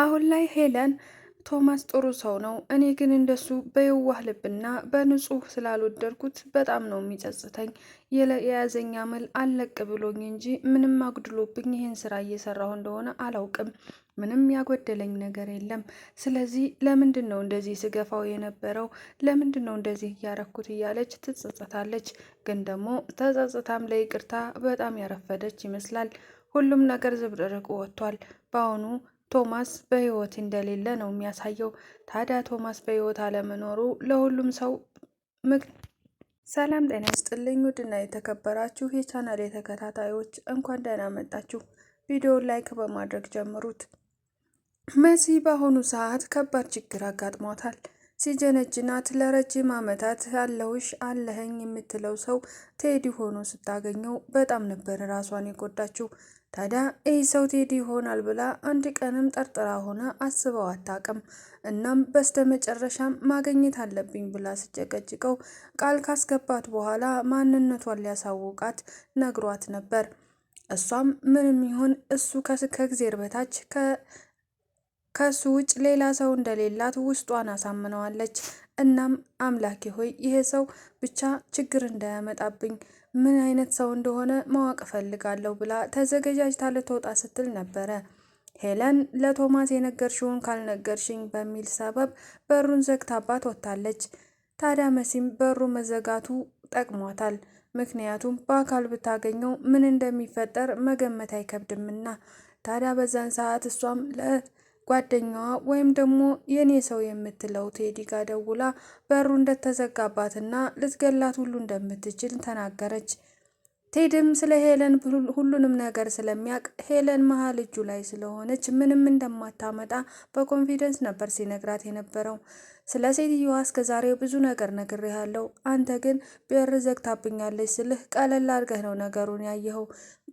አሁን ላይ ሄለን ቶማስ ጥሩ ሰው ነው፣ እኔ ግን እንደሱ በየዋህ ልብና በንጹህ ስላልወደድኩት በጣም ነው የሚጸጽተኝ። የያዘኝ አመል አለቅ ብሎኝ እንጂ ምንም አጉድሎብኝ ይህን ስራ እየሰራሁ እንደሆነ አላውቅም። ምንም ያጎደለኝ ነገር የለም። ስለዚህ ለምንድን ነው እንደዚህ ስገፋው የነበረው? ለምንድን ነው እንደዚህ እያረኩት? እያለች ትጸጸታለች። ግን ደግሞ ተጸጽታም ለይቅርታ በጣም ያረፈደች ይመስላል። ሁሉም ነገር ዝብርርቅ ወጥቷል በአሁኑ ቶማስ በሕይወት እንደሌለ ነው የሚያሳየው። ታዲያ ቶማስ በሕይወት አለመኖሩ ለሁሉም ሰው ሰላም ጤና ይስጥልኝ። ውድና የተከበራችሁ የቻናል የተከታታዮች እንኳን ደህና መጣችሁ። ቪዲዮን ላይክ በማድረግ ጀምሩት። መሲ በአሁኑ ሰዓት ከባድ ችግር አጋጥሟታል። ሲጀነጅናት ለረጅም ዓመታት ያለውሽ አለህኝ የምትለው ሰው ቴዲ ሆኖ ስታገኘው በጣም ነበር ራሷን የጎዳችው። ታዲያ ይህ ሰው ቴዲ ይሆናል ብላ አንድ ቀንም ጠርጥራ ሆነ አስበው አታውቅም። እናም በስተ መጨረሻም ማገኘት አለብኝ ብላ ስጨቀጭቀው ቃል ካስገባት በኋላ ማንነቷን ሊያሳውቃት ነግሯት ነበር። እሷም ምንም ይሆን እሱ ከእግዜር በታች ከእሱ ውጭ ሌላ ሰው እንደሌላት ውስጧን አሳምነዋለች። እናም አምላኬ ሆይ ይሄ ሰው ብቻ ችግር እንዳያመጣብኝ ምን አይነት ሰው እንደሆነ ማወቅ እፈልጋለሁ ብላ ተዘገጃጅታ ልትወጣ ስትል ነበረ። ሄለን ለቶማስ የነገርሽውን ካልነገርሽኝ በሚል ሰበብ በሩን ዘግታባት ወጥታለች። ታዲያ መሲም በሩ መዘጋቱ ጠቅሟታል። ምክንያቱም በአካል ብታገኘው ምን እንደሚፈጠር መገመት አይከብድምና። ታዲያ በዛን ሰዓት እሷም ጓደኛዋ ወይም ደግሞ የኔ ሰው የምትለው ቴዲ ጋ ደውላ በሩ እንደተዘጋባትና ልትገላት ሁሉ እንደምትችል ተናገረች። ቴድም ስለ ሄለን ሁሉንም ነገር ስለሚያውቅ ሄለን መሀል እጁ ላይ ስለሆነች ምንም እንደማታመጣ በኮንፊደንስ ነበር ሲነግራት የነበረው። ስለ ሴትየዋ እስከ ዛሬ ብዙ ነገር ነግሬሃለሁ፣ አንተ ግን በር ዘግታብኛለች ስልህ ቀለል አድርገህ ነው ነገሩን ያየኸው።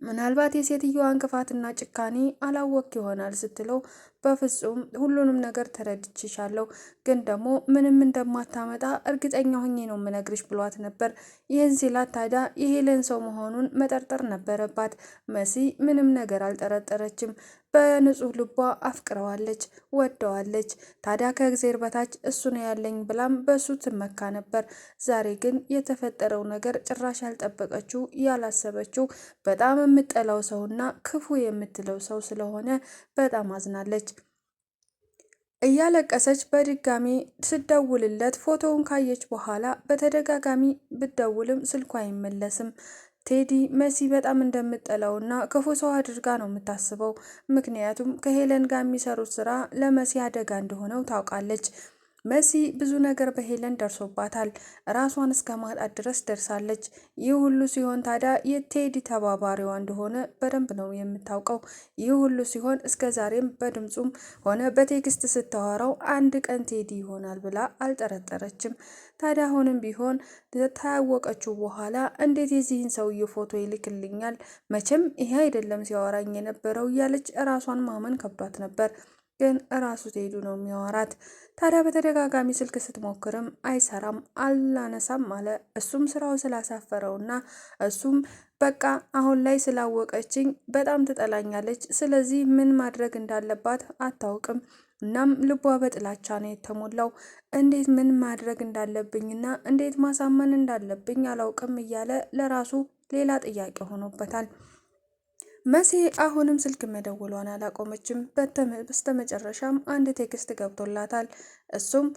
ምናልባት የሴትዮዋ እንቅፋትና ጭካኔ አላወቅ ይሆናል ስትለው በፍጹም ሁሉንም ነገር ተረድችሻለሁ፣ ግን ደግሞ ምንም እንደማታመጣ እርግጠኛ ሆኜ ነው የምነግርሽ ብሏት ነበር። ይህን ሲላት ታዲያ የሄለን ሰው መሆኑን መጠርጠር ነበረባት። መሲ ምንም ነገር አልጠረጠረችም። በንጹህ ልቧ አፍቅረዋለች፣ ወደዋለች። ታዲያ ከእግዜር በታች እሱ ነው ያለኝ ብላም በእሱ ትመካ ነበር። ዛሬ ግን የተፈጠረው ነገር ጭራሽ ያልጠበቀችው ያላሰበችው በጣም የምጠላው ሰውና ክፉ የምትለው ሰው ስለሆነ በጣም አዝናለች። እያለቀሰች በድጋሚ ስደውልለት ፎቶውን ካየች በኋላ በተደጋጋሚ ብደውልም ስልኩ አይመለስም። ቴዲ መሲ በጣም እንደምጠላው እና ክፉ ሰው አድርጋ ነው የምታስበው። ምክንያቱም ከሄለን ጋር የሚሰሩት ስራ ለመሲ አደጋ እንደሆነው ታውቃለች። መሲ ብዙ ነገር በሄለን ደርሶባታል። ራሷን እስከ ማጣት ድረስ ደርሳለች። ይህ ሁሉ ሲሆን ታዲያ የቴዲ ተባባሪዋ እንደሆነ በደንብ ነው የምታውቀው። ይህ ሁሉ ሲሆን እስከ ዛሬም በድምፁም ሆነ በቴክስት ስታወራው አንድ ቀን ቴዲ ይሆናል ብላ አልጠረጠረችም። ታዲያ አሁንም ቢሆን ታያወቀችው በኋላ እንዴት የዚህን ሰውዬ ፎቶ ይልክልኛል? መቼም ይሄ አይደለም ሲያወራኝ የነበረው እያለች ራሷን ማመን ከብዷት ነበር። ግን እራሱ ትሄዱ ነው የሚያወራት። ታዲያ በተደጋጋሚ ስልክ ስትሞክርም አይሰራም፣ አላነሳም አለ። እሱም ስራው ስላሳፈረውና እሱም በቃ አሁን ላይ ስላወቀችኝ በጣም ትጠላኛለች፣ ስለዚህ ምን ማድረግ እንዳለባት አታውቅም። እናም ልቧ በጥላቻ ነው የተሞላው። እንዴት ምን ማድረግ እንዳለብኝና እንዴት ማሳመን እንዳለብኝ አላውቅም እያለ ለራሱ ሌላ ጥያቄ ሆኖበታል። መሲ አሁንም ስልክ መደወሏን አላቆመችም። በስተመጨረሻም አንድ ቴክስት ገብቶላታል። እሱም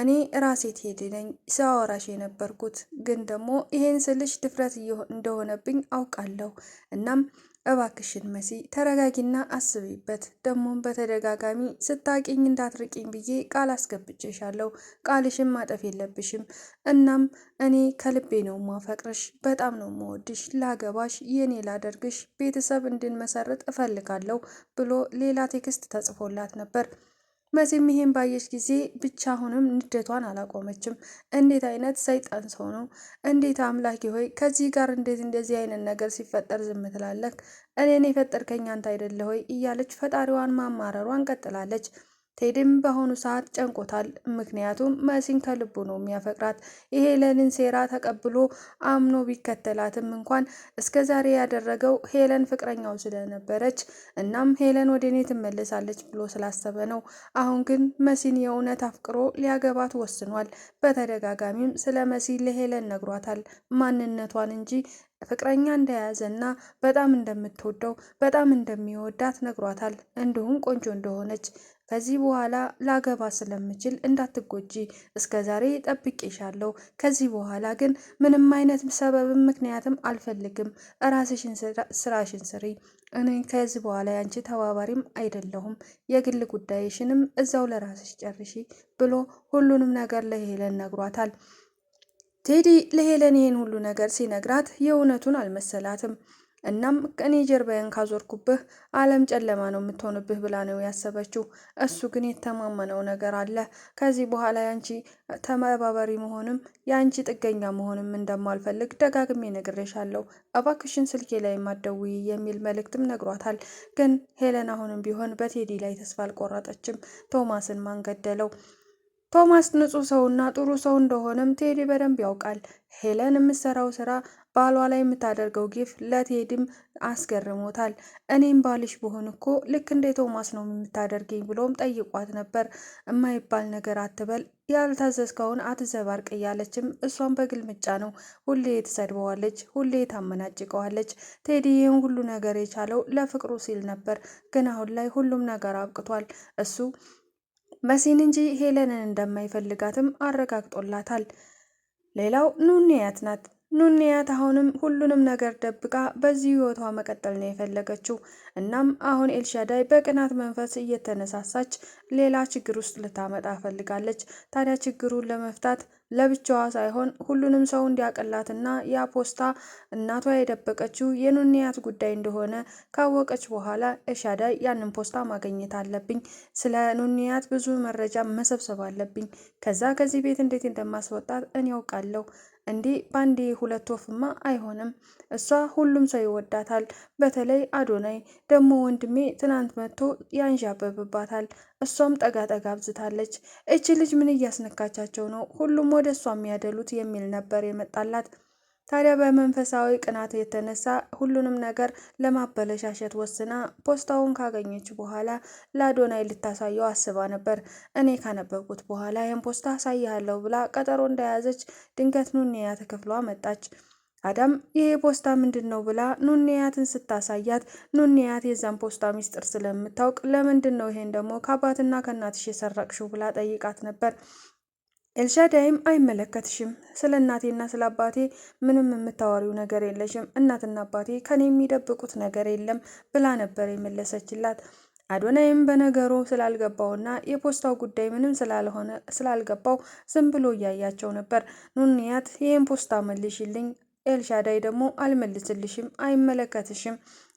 እኔ ራሴ ትሄድ ነኝ ሳወራሽ የነበርኩት ግን ደግሞ ይሄን ስልሽ ድፍረት እንደሆነብኝ አውቃለሁ እናም እባክሽን መሲ ተረጋጊና አስቢበት። ደግሞም በተደጋጋሚ ስታቂኝ እንዳትርቂኝ ብዬ ቃል አስገብቼሻለሁ። ቃልሽን ማጠፍ የለብሽም። እናም እኔ ከልቤ ነው ማፈቅርሽ፣ በጣም ነው መወድሽ፣ ላገባሽ፣ የኔ ላደርግሽ፣ ቤተሰብ እንድንመሰርት እፈልጋለሁ ብሎ ሌላ ቴክስት ተጽፎላት ነበር። መሲም ይሄን ባየች ጊዜ ብቻ አሁንም ንዴቷን አላቆመችም። እንዴት አይነት ሰይጣን ሰው ነው! እንዴት አምላኬ ሆይ ከዚህ ጋር እንዴት እንደዚህ አይነት ነገር ሲፈጠር ዝም ትላለህ? እኔን የፈጠርከኝ አንተ አይደለህ ሆይ እያለች ፈጣሪዋን ማማረሯን ቀጥላለች። ቴድም በአሁኑ ሰዓት ጨንቆታል። ምክንያቱም መሲን ከልቡ ነው የሚያፈቅራት። ይሄ ሴራ ተቀብሎ አምኖ ቢከተላትም እንኳን እስከ ዛሬ ያደረገው ሄለን ፍቅረኛው ስለነበረች እናም ሄለን ወደ እኔ ትመለሳለች ብሎ ስላሰበ ነው። አሁን ግን መሲን የእውነት አፍቅሮ ሊያገባት ወስኗል። በተደጋጋሚም ስለ መሲ ለሄለን ነግሯታል፣ ማንነቷን እንጂ ፍቅረኛ እንደያዘና በጣም እንደምትወደው በጣም እንደሚወዳት ነግሯታል። እንዲሁም ቆንጆ እንደሆነች ከዚህ በኋላ ላገባ ስለምችል እንዳትጎጂ፣ እስከ ዛሬ ጠብቄሻለሁ። ከዚህ በኋላ ግን ምንም አይነት ሰበብም ምክንያትም አልፈልግም። እራስሽን ስራሽን ስሪ። እኔ ከዚህ በኋላ ያንቺ ተባባሪም አይደለሁም። የግል ጉዳይሽንም እዛው ለራስሽ ጨርሺ ብሎ ሁሉንም ነገር ለሄለን ነግሯታል። ቴዲ ለሄለን ይህን ሁሉ ነገር ሲነግራት የእውነቱን አልመሰላትም። እናም እኔ ጀርባዬን ካዞርኩብህ ዓለም ጨለማ ነው የምትሆንብህ ብላ ነው ያሰበችው። እሱ ግን የተማመነው ነገር አለ። ከዚህ በኋላ ያንቺ ተመባበሪ መሆንም የአንቺ ጥገኛ መሆንም እንደማልፈልግ ደጋግሜ ነግሬሻለሁ፣ እባክሽን ስልኬ ላይ አትደውዪ የሚል መልእክትም ነግሯታል። ግን ሄለን አሁንም ቢሆን በቴዲ ላይ ተስፋ አልቆረጠችም። ቶማስን ማን ገደለው? ቶማስ ንጹህ ሰውና ጥሩ ሰው እንደሆነም ቴዲ በደንብ ያውቃል። ሄለን የምትሰራው ሥራ፣ ባሏ ላይ የምታደርገው ግፍ ለቴዲም አስገርሞታል። እኔም ባልሽ ብሆን እኮ ልክ እንደ ቶማስ ነው የምታደርገኝ ብሎም ጠይቋት ነበር። የማይባል ነገር አትበል፣ ያልታዘዝከውን አትዘባርቅ እያለችም እሷም በግልምጫ ነው። ሁሌ ትሰድበዋለች፣ ሁሌ ታመናጭቀዋለች። ቴዲ ይህን ሁሉ ነገር የቻለው ለፍቅሩ ሲል ነበር፣ ግን አሁን ላይ ሁሉም ነገር አብቅቷል። እሱ መሲን እንጂ ሄለንን እንደማይፈልጋትም አረጋግጦላታል። ሌላው ኑንያት ናት። ኑንያት አሁንም ሁሉንም ነገር ደብቃ በዚህ ህይወቷ መቀጠል ነው የፈለገችው። እናም አሁን ኤልሻዳይ በቅናት መንፈስ እየተነሳሳች ሌላ ችግር ውስጥ ልታመጣ ፈልጋለች። ታዲያ ችግሩን ለመፍታት ለብቻዋ ሳይሆን ሁሉንም ሰው እንዲያቀላትና ፖስታ እናቷ የደበቀችው የኑንያት ጉዳይ እንደሆነ ካወቀች በኋላ ኤልሻዳይ ያንን ፖስታ ማገኘት አለብኝ፣ ስለ ኑንያት ብዙ መረጃ መሰብሰብ አለብኝ፣ ከዛ ከዚህ ቤት እንዴት እንደማስወጣት እኔ ያውቃለሁ እንዲህ ባንዴ ሁለት ወፍማ አይሆንም። እሷ ሁሉም ሰው ይወዳታል። በተለይ አዶናይ ደግሞ ወንድሜ ትናንት መጥቶ ያንዣበብባታል። እሷም ጠጋ ጠጋ አብዝታለች። እች ልጅ ምን እያስነካቻቸው ነው ሁሉም ወደ እሷ የሚያደሉት የሚል ነበር የመጣላት። ታዲያ በመንፈሳዊ ቅናት የተነሳ ሁሉንም ነገር ለማበለሻሸት ወስና ፖስታውን ካገኘች በኋላ ለአዶናይ ልታሳየው አስባ ነበር። እኔ ካነበብኩት በኋላ ይህን ፖስታ አሳይሃለሁ ብላ ቀጠሮ እንደያዘች ድንገት ኑንያ ተከፍሏ መጣች። አዳም ይሄ ፖስታ ምንድን ነው ብላ ኑንያትን ስታሳያት ኑንያት የዛን ፖስታ ሚስጥር ስለምታውቅ ለምንድን ነው ይሄን ደግሞ ከአባትና ከእናትሽ የሰረቅሽው ብላ ጠይቃት ነበር። ኤልሻዳይም አይመለከትሽም። ስለ እናቴና ስለ አባቴ ምንም የምታወሪው ነገር የለሽም። እናትና አባቴ ከኔ የሚደብቁት ነገር የለም ብላ ነበር የመለሰችላት። አዶናይም በነገሩ ስላልገባውና የፖስታው ጉዳይ ምንም ስላልሆነ ስላልገባው ዝም ብሎ እያያቸው ነበር። ኑንያት ይህን ፖስታ መልሽልኝ፣ ኤልሻዳይ ደግሞ አልመልስልሽም፣ አይመለከትሽም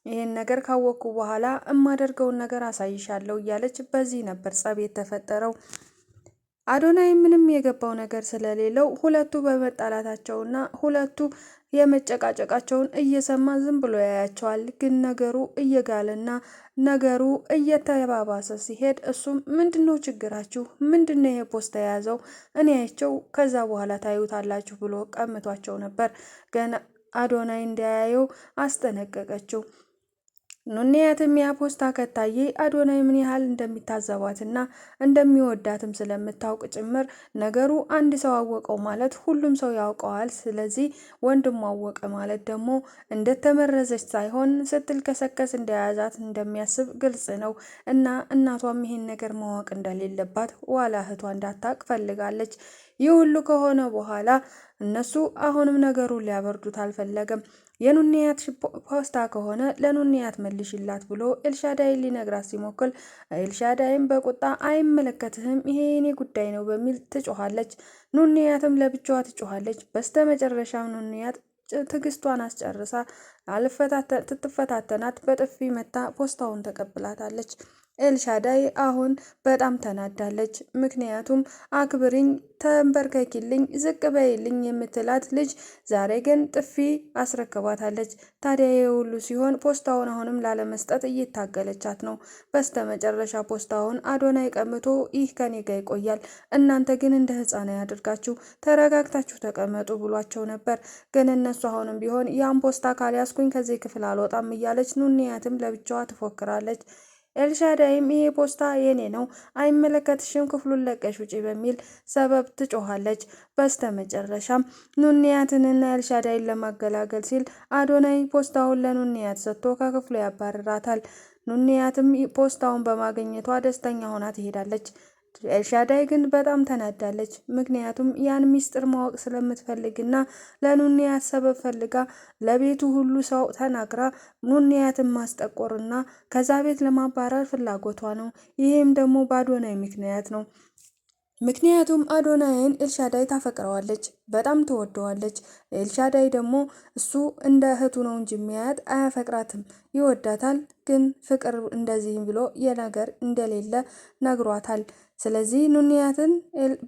ይህን ነገር ካወቅኩ በኋላ እማደርገውን ነገር አሳይሻለሁ እያለች በዚህ ነበር ጸብ የተፈጠረው። አዶናይ ምንም የገባው ነገር ስለሌለው ሁለቱ በመጣላታቸውና ሁለቱ የመጨቃጨቃቸውን እየሰማ ዝም ብሎ ያያቸዋል። ግን ነገሩ እየጋለና ነገሩ እየተባባሰ ሲሄድ እሱም ምንድነው ችግራችሁ? ምንድነው ይሄ ፖስታ የያዘው? እኔ ያቸው ከዛ በኋላ ታዩታላችሁ ብሎ ቀምቷቸው ነበር። ገና አዶናይ እንዳያየው አስጠነቀቀችው። ኑንያትም ፖስታ ከታየ አዶናይ ምን ያህል እንደሚታዘባትና እንደሚወዳትም ስለምታውቅ ጭምር ነገሩ አንድ ሰው አወቀው ማለት ሁሉም ሰው ያውቀዋል፣ ስለዚህ ወንድም አወቀ ማለት ደግሞ እንደተመረዘች ሳይሆን ስትል ከሰከስ እንደያዛት እንደሚያስብ ግልጽ ነው እና እናቷም ይሄን ነገር ማወቅ እንደሌለባት ዋላ እህቷ እንዳታቅ ፈልጋለች። ይህ ሁሉ ከሆነ በኋላ እነሱ አሁንም ነገሩ ሊያበርዱት አልፈለገም። የኑኒያት ፖስታ ከሆነ ለኑኒያት መልሽላት ብሎ ኤልሻዳይ ሊነግራት ሲሞክል ኤልሻዳይም በቁጣ አይመለከትህም፣ ይሄ የኔ ጉዳይ ነው በሚል ትጮኋለች። ኑኒያትም ለብቻዋ ትጮኋለች። በስተ መጨረሻም ኑንያት ትግስቷን አስጨርሳ ትትፈታተናት በጥፊ መታ ፖስታውን ተቀብላታለች። ኤልሻዳይ አሁን በጣም ተናዳለች። ምክንያቱም አክብሪኝ፣ ተንበርከኪልኝ፣ ዝቅ በይልኝ የምትላት ልጅ ዛሬ ግን ጥፊ አስረክባታለች። ታዲያ የሁሉ ሲሆን ፖስታውን አሁንም ላለመስጠት እየታገለቻት ነው። በስተ መጨረሻ ፖስታውን አዶናይ ቀምቶ ይህ ከኔ ጋ ይቆያል፣ እናንተ ግን እንደ ሕፃን ያደርጋችሁ ተረጋግታችሁ ተቀመጡ ብሏቸው ነበር። ግን እነሱ አሁንም ቢሆን ያን ፖስታ ካልያዝኩኝ ከዚህ ክፍል አልወጣም እያለች ኑንያትም ለብቻዋ ትፎክራለች። ኤልሻዳይም ይሄ ፖስታ የኔ ነው፣ አይመለከትሽም፣ ክፍሉን ለቀሽ ውጪ በሚል ሰበብ ትጮኋለች። በስተ መጨረሻም ኑንያትንና ኤልሻዳይን ለማገላገል ሲል አዶናይ ፖስታውን ለኑንያት ሰጥቶ ከክፍሉ ያባርራታል። ኑንያትም ፖስታውን በማግኘቷ ደስተኛ ሆና ትሄዳለች። ኤልሻዳይ ግን በጣም ተናዳለች። ምክንያቱም ያን ሚስጥር ማወቅ ስለምትፈልግና ለኑንያት ሰበብ ፈልጋ ለቤቱ ሁሉ ሰው ተናግራ ኑንያትን ማስጠቆርና ከዛ ቤት ለማባረር ፍላጎቷ ነው። ይሄም ደግሞ በአዶናይ ምክንያት ነው። ምክንያቱም አዶናይን ኤልሻዳይ ታፈቅረዋለች፣ በጣም ትወደዋለች። ኤልሻዳይ ደግሞ እሱ እንደ እህቱ ነው እንጂ የሚያያት አያፈቅራትም፣ ይወዳታል። ግን ፍቅር እንደዚህም ብሎ የነገር እንደሌለ ነግሯታል። ስለዚህ ኑንያትን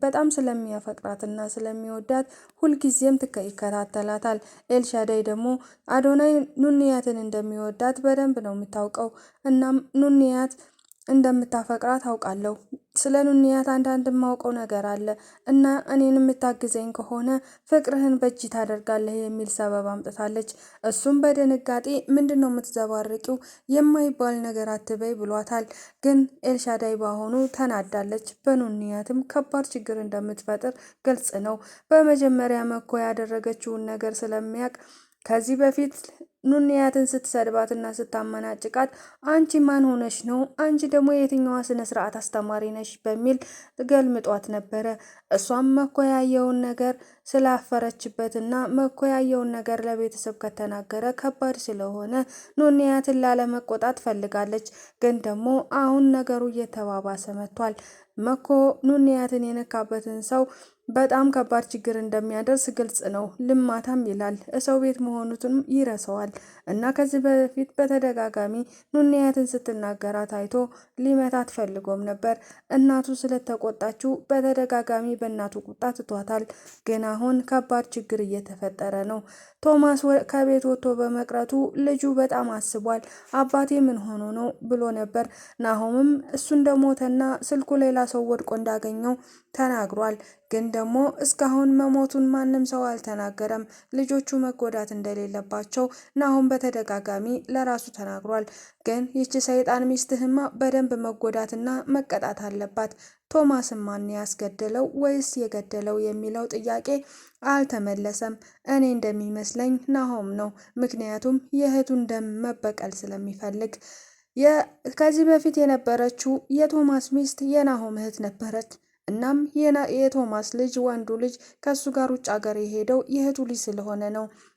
በጣም ስለሚያፈቅራትና ስለሚወዳት ሁልጊዜም ይከታተላታል። ኤልሻዳይ ደግሞ አዶናይ ኑንያትን እንደሚወዳት በደንብ ነው የምታውቀው። እናም ኑንያት እንደምታፈቅራ ታውቃለሁ። ስለ ኑንያት አንዳንድ የማውቀው ነገር አለ እና እኔን የምታግዘኝ ከሆነ ፍቅርህን በእጅ ታደርጋለህ የሚል ሰበብ አምጥታለች። እሱም በድንጋጤ ምንድን ነው የምትዘባርቂው? የማይባል ነገር አትበይ ብሏታል። ግን ኤልሻዳይ በአሁኑ ተናዳለች። በኑንያትም ከባድ ችግር እንደምትፈጥር ግልጽ ነው። በመጀመሪያ መኮ ያደረገችውን ነገር ስለሚያውቅ ከዚህ በፊት ኑንያትን ስትሰድባትና ስታመናጭቃት አንቺ ማን ሆነሽ ነው? አንቺ ደግሞ የትኛዋ ስነ ስርዓት አስተማሪ ነሽ? በሚል ገልምጧት ነበረ። እሷም መኮያየውን ነገር ስላፈረችበትና መኮያየውን ነገር ለቤተሰብ ከተናገረ ከባድ ስለሆነ ኑንያትን ላለመቆጣት ፈልጋለች። ግን ደግሞ አሁን ነገሩ እየተባባሰ መጥቷል። መኮ ኑንያትን የነካበትን ሰው በጣም ከባድ ችግር እንደሚያደርስ ግልጽ ነው። ልማታም ይላል። እሰው ቤት መሆኑንም ይረሳዋል። እና ከዚህ በፊት በተደጋጋሚ ኑንያትን ስትናገራት አይቶ ሊመታት ፈልጎም ነበር። እናቱ ስለተቆጣችው በተደጋጋሚ በእናቱ ቁጣ ትቷታል። ግን አሁን ከባድ ችግር እየተፈጠረ ነው። ቶማስ ከቤት ወጥቶ በመቅረቱ ልጁ በጣም አስቧል። አባቴ ምን ሆኖ ነው ብሎ ነበር። ናሆምም እሱ እንደሞተና ስልኩ ሌላ ሰው ወድቆ እንዳገኘው ተናግሯል። ግን ደግሞ እስካሁን መሞቱን ማንም ሰው አልተናገረም። ልጆቹ መጎዳት እንደሌለባቸው ናሆም በተደጋጋሚ ለራሱ ተናግሯል። ግን ይቺ ሰይጣን ሚስትህማ በደንብ መጎዳትና መቀጣት አለባት። ቶማስን ማን ያስገደለው ወይስ የገደለው የሚለው ጥያቄ አልተመለሰም። እኔ እንደሚመስለኝ ናሆም ነው። ምክንያቱም የእህቱን ደም መበቀል ስለሚፈልግ። ከዚህ በፊት የነበረችው የቶማስ ሚስት የናሆም እህት ነበረች። እናም የቶማስ ልጅ ወንዱ ልጅ ከእሱ ጋር ውጭ ሀገር የሄደው የእህቱ ልጅ ስለሆነ ነው።